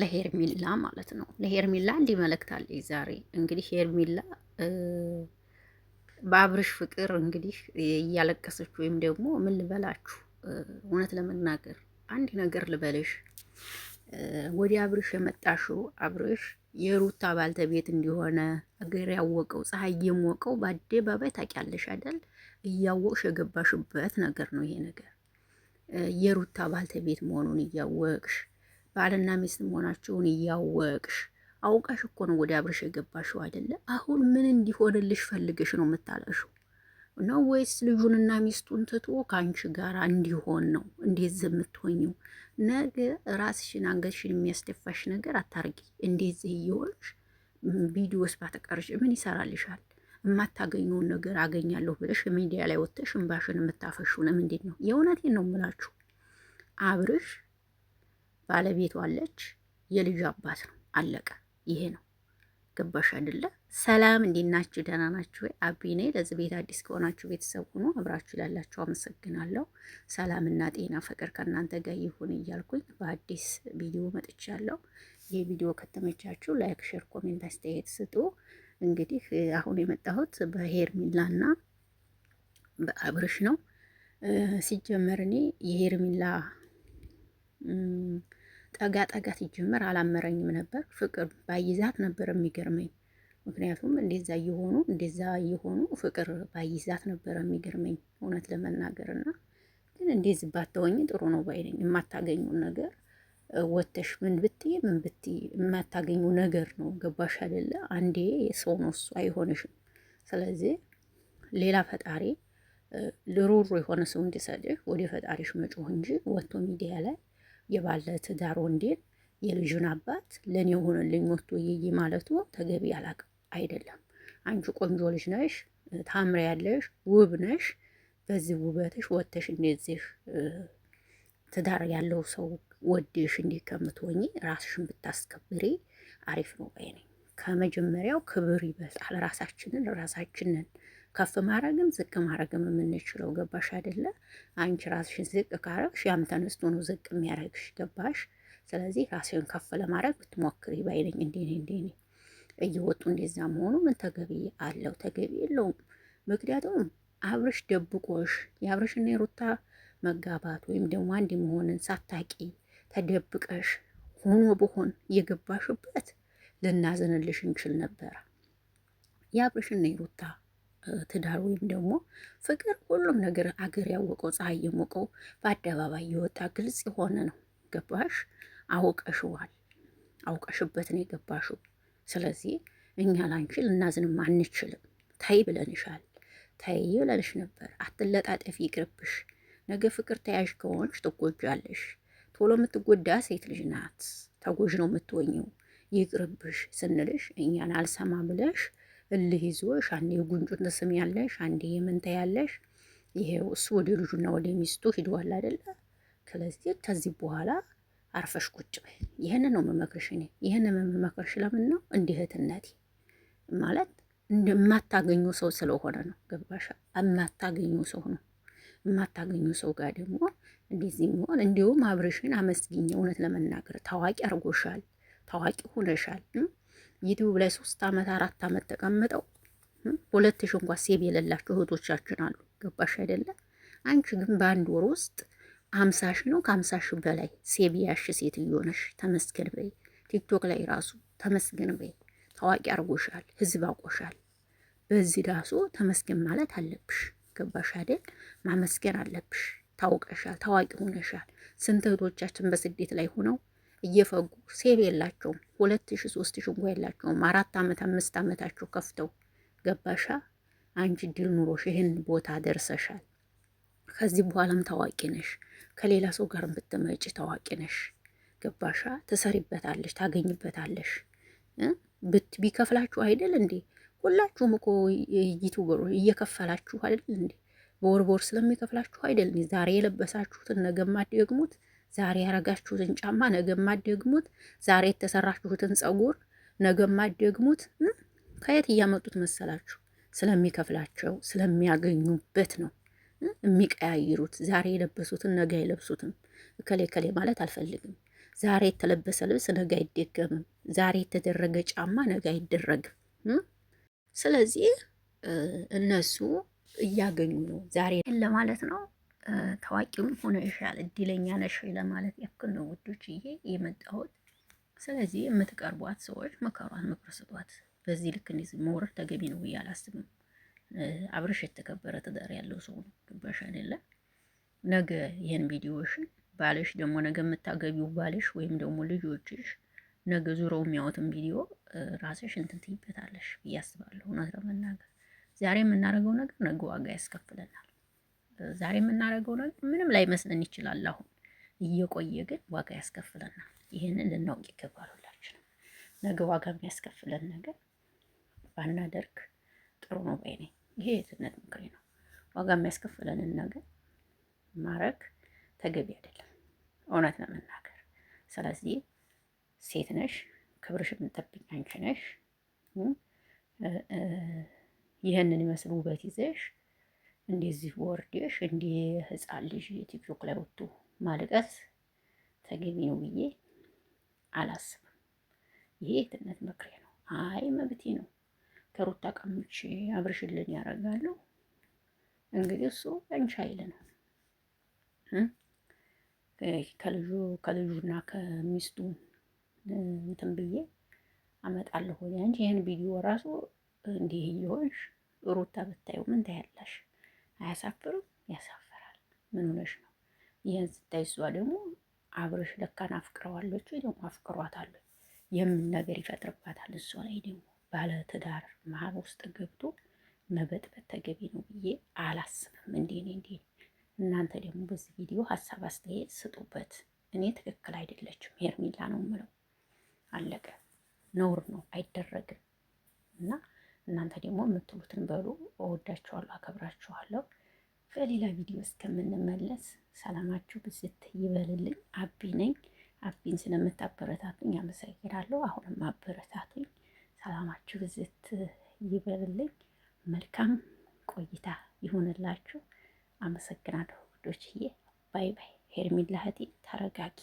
ለሄርሚላ ማለት ነው። ለሄርሚላ እንዲህ መልእክት አለኝ ዛሬ። እንግዲህ ሄርሚላ በአብርሽ ፍቅር እንግዲህ እያለቀሰች ወይም ደግሞ ምን ልበላችሁ፣ እውነት ለመናገር አንድ ነገር ልበልሽ፣ ወደ አብርሽ የመጣሽው አብርሽ የሩታ ባልተቤት እንዲሆነ እግር ያወቀው ፀሐይ የሞቀው በአደባባይ ታውቂያለሽ አይደል? እያወቅሽ የገባሽበት ነገር ነው ይሄ ነገር የሩታ ባልተቤት መሆኑን እያወቅሽ ባልና ሚስት መሆናቸውን እያወቅሽ አውቃሽ እኮ ነው ወደ አብርሽ የገባሽው አይደለ? አሁን ምን እንዲሆንልሽ ፈልገሽ ነው የምታለቅሽው ነው ወይስ ልጁንና ሚስቱን ትቶ ከአንቺ ጋር እንዲሆን ነው? እንዴት የምትሆኝው? ነገ ራስሽን አንገትሽን የሚያስደፋሽ ነገር አታርጊ። እንዴት ዚህ እየሆንሽ ቪዲዮስ ባተቀርሽ ምን ይሰራልሻል? የማታገኘውን ነገር አገኛለሁ ብለሽ ሚዲያ ላይ ወጥተሽ እምባሽን የምታፈሹንም እንዴት ነው? የእውነቴን ነው የምላችሁ አብርሽ ባለቤቷ አለች፣ የልጁ አባት ነው። አለቀ። ይሄ ነው። ገባሽ አይደለ? ሰላም፣ እንዲናችሁ፣ ደህና ናችሁ ወይ? አቢ ነኝ። ለዚህ ቤት አዲስ ከሆናችሁ ቤተሰብ ሁኑ። አብራችሁ ላላችሁ አመሰግናለሁ። ሰላምና ጤና ፍቅር ከእናንተ ጋር ይሁን እያልኩኝ በአዲስ ቪዲዮ መጥቻለሁ። ይህ ቪዲዮ ከተመቻችሁ ላይክ፣ ሼር፣ ኮሜንት አስተያየት ስጡ። እንግዲህ አሁን የመጣሁት በሄርሚላና በአብርሽ ነው። ሲጀመር እኔ የሄርሚላ ጠጋ ጠጋ ሲጀመር አላመረኝም ነበር። ፍቅር ባይዛት ነበር የሚገርመኝ። ምክንያቱም እንደዛ እየሆኑ እንደዛ እየሆኑ ፍቅር ባይዛት ነበር የሚገርመኝ እውነት ለመናገር እና ግን እንደዚህ ባትሆኝ ጥሩ ነው ባይነኝ። የማታገኙን ነገር ወተሽ ምን ብትይ ምን ብትይ የማታገኙ ነገር ነው። ገባሽ አይደለ? አንዴ የሰው ነው እሱ አይሆንሽም። ስለዚህ ሌላ ፈጣሪ ልሩሩ የሆነ ሰው እንዲሰጥሽ ወደ ፈጣሪሽ መጮህ እንጂ ወጥቶ ሚዲያ ላይ የባለ ትዳር ወንዴን የልጁን አባት ለእኔ ሆነልኝ ሞቶ ይይ ማለቱ ተገቢ አላቅ አይደለም። አንቺ ቆንጆ ልጅ ነሽ፣ ታምሪ ያለሽ ውብ ነሽ። በዚህ ውበትሽ ወተሽ እንደዚህ ትዳር ያለው ሰው ወድሽ እንዲህ ከምትሆኚ ራስሽን ብታስከብሪ አሪፍ ነው ባይ ነኝ። ከመጀመሪያው ክብር ይበልጣል። ራሳችንን ራሳችንን ከፍ ማድረግም ዝቅ ማድረግም የምንችለው ገባሽ አይደለ? አንቺ ራስሽን ዝቅ ካረግሽ ያም ተነስቶ ነው ዝቅ የሚያደረግሽ ገባሽ? ስለዚህ ራስሽን ከፍ ለማድረግ ብትሞክሪ ባይለኝ እንዲኔ እንዲኔ እየወጡ እንደዛ መሆኑ ምን ተገቢ አለው? ተገቢ የለውም። ምክንያቱም አብርሽ ደብቆሽ የአብርሽና የሩታ መጋባት ወይም ደግሞ አንድ መሆንን ሳታቂ ተደብቀሽ ሆኖ በሆን የገባሽበት ልናዘንልሽ እንችል ነበረ። የአብርሽና የሩታ ትዳር ወይም ደግሞ ፍቅር ሁሉም ነገር አገር ያወቀው ፀሐይ የሞቀው በአደባባይ የወጣ ግልጽ የሆነ ነው። ገባሽ? አውቀሽዋል። አውቀሽበት ነው የገባሽው። ስለዚህ እኛ ላንቺ ልናዝንም አንችልም። ታይ ብለንሻል። ታይ ብለንሽ ነበር። አትለጣጠፊ፣ ይቅርብሽ። ነገ ፍቅር ተያዥ ከሆንሽ ትጎጃለሽ። ቶሎ የምትጎዳ ሴት ልጅ ናት። ተጎጅ ነው የምትወኘው። ይቅርብሽ ስንልሽ እኛን አልሰማ ብለሽ እልህ ይዞሽ አንዴ ጉንጩን ያለሽ አንዴ የምንተ ያለሽ ይሄው እሱ ወደ ልጁና ወደ ሚስቱ ሂደዋል አይደለ? ስለዚህ ከዚህ በኋላ አርፈሽ ቁጭ በይ። ይህን ነው መመክርሽ። እኔ ይህን መመክርሽ ለምን ነው እንዲህ ማለት የማታገኙ ሰው ስለሆነ ነው። ገባሽ? የማታገኙ ሰው ነው። የማታገኙ ሰው ጋር ደግሞ እንደዚህ የሚሆን እንዲሁም አብርሽን አመስግኝ። እውነት ለመናገር ታዋቂ አርጎሻል፣ ታዋቂ ሁነሻል። ዩቲዩብ ላይ ሶስት አመት አራት አመት ተቀምጠው ሁለት ሺ እንኳ ሴብ የሌላቸው እህቶቻችን አሉ። ገባሽ አይደለም? አንቺ ግን በአንድ ወር ውስጥ አምሳሽ ነው ከአምሳሽ በላይ ሴብ ያሽ ሴት እየሆነሽ ተመስገን በይ። ቲክቶክ ላይ ራሱ ተመስገን በይ። ታዋቂ አርጎሻል፣ ህዝብ አውቆሻል። በዚህ ዳሶ ተመስገን ማለት አለብሽ። ገባሽ አይደል? ማመስገን አለብሽ። ታውቀሻል፣ ታዋቂ ሆነሻል። ስንት እህቶቻችን በስደት ላይ ሆነው እየፈጉ ሴብ የላቸውም። ሁለት ሺ ሶስት ሺ እንኳ የላቸውም። አራት ዓመት አምስት ዓመታቸው ከፍተው ገባሻ። አንቺ ድል ኑሮሽ ይህን ቦታ ደርሰሻል። ከዚህ በኋላም ታዋቂ ነሽ። ከሌላ ሰው ጋር ብትመጪ ታዋቂ ነሽ። ገባሻ። ትሰሪበታለሽ፣ ታገኝበታለሽ። ብት ቢከፍላችሁ አይደል እንዴ? ሁላችሁም እኮ ዩቱበሮች እየከፈላችሁ አይደል እንዴ? በወር በወር ስለሚከፍላችሁ አይደል? ዛሬ የለበሳችሁትን ነገ ማትደግሙት ዛሬ ያረጋችሁትን ጫማ ነገማ ማደግሙት፣ ዛሬ የተሰራችሁትን ጸጉር ነገማ ማደግሙት። ከየት እያመጡት መሰላችሁ? ስለሚከፍላቸው ስለሚያገኙበት ነው የሚቀያይሩት። ዛሬ የለበሱትን ነገ አይለብሱትም። እከሌ እከሌ ማለት አልፈልግም። ዛሬ የተለበሰ ልብስ ነገ አይደገምም። ዛሬ የተደረገ ጫማ ነገ አይደረግም። ስለዚህ እነሱ እያገኙ ነው ዛሬ ለማለት ነው። ታዋቂም ሆነሻል፣ እድለኛ ነሽ ለማለት ያክል ነው ውዶች የመጣሁት። ስለዚህ የምትቀርቧት ሰዎች መከሯት፣ ምክር ስጧት። በዚህ ልክ እንደዚህ መውረድ ተገቢ ነው ብዬ አላስብም። አብረሽ የተከበረ ትዳር ያለው ሰው ነው። ግባሽ አይደለ? ነገ ይህን ቪዲዮሽን ባልሽ ደግሞ ነገ የምታገቢው ባልሽ ወይም ደግሞ ልጆችሽ ነገ ዙረው የሚያወትን ቪዲዮ ራስሽ እንትን ትይበታለሽ ብዬ አስባለሁ። እውነት ለመናገር ዛሬ የምናደርገው ነገር ነገ ዋጋ ያስከፍለናል። ዛሬ የምናደርገው ነገር ምንም መስለን ይችላል። አሁን እየቆየ ግን ዋጋ ያስከፍለናል። ይህንን ልናውቅ ይገባል። ሁላችንም ነገ ዋጋ የሚያስከፍለን ነገር ባናደርግ ጥሩ ነው ባይ ነኝ። ይሄ የትነት ምክሬ ነው። ዋጋ የሚያስከፍለንን ነገር ማድረግ ተገቢ አይደለም፣ እውነት ለመናገር ስለዚህ ሴት ነሽ፣ ክብርሽ የምጠብቂ አንቺ ነሽ። ይህንን ይመስል ውበት ይዘሽ እንደዚህ ወርደሽ እንደ ህፃን ልጅ ቲክቶክ ላይ ወጥቶ ማልቀስ ተገቢ ነው ብዬ አላስብም። ይሄ የትነት ምክሬ ነው። አይ መብቴ ነው። ከሩታ ቀምቼ አብርሽልን ያደርጋሉ። እንግዲህ እሱ ያንቺ ኃይል ነው። ከልጁ ከልጁና ከሚስቱ እንትን ብዬ አመጣለሁ። ያንቺ ይህን ቪዲዮ ራሱ እንዲህ እየሆንሽ ሩታ ብታዩ ምን ታያላሽ? አያሳፍርም? ያሳፍራል። ምን ሆነሽ ነው? ይህን ስታይ እሷ ደግሞ አብረሽ ለካን አፍቅረዋለች ወይ ደግሞ አፍቅሯታል የምን ነገር ይፈጥርባታል። እሷ ላይ ደግሞ ባለ ትዳር መሀል ውስጥ ገብቶ መበጥበት ተገቢ ነው ብዬ አላስብም። እንዴ እንዴ! እናንተ ደግሞ በዚህ ቪዲዮ ሀሳብ አስተያየት ስጡበት። እኔ ትክክል አይደለችም ሄርሜላ ነው ምለው። አለቀ። ነውር ነው አይደረግም እና እናንተ ደግሞ የምትሉትን በሉ። እወዳችኋለሁ፣ አከብራችኋለሁ። በሌላ ቪዲዮ እስከምንመለስ ሰላማችሁ ብዝት ይበልልኝ። አቢ ነኝ። አቢን ስለምታበረታቱኝ አመሰግናለሁ። አሁንም አበረታቱኝ። ሰላማችሁ ብዝት ይበልልኝ። መልካም ቆይታ ይሁንላችሁ። አመሰግናለሁ ውዶችዬ። ባይ ባይ። ሄርሚላ እህቴ ተረጋጊ።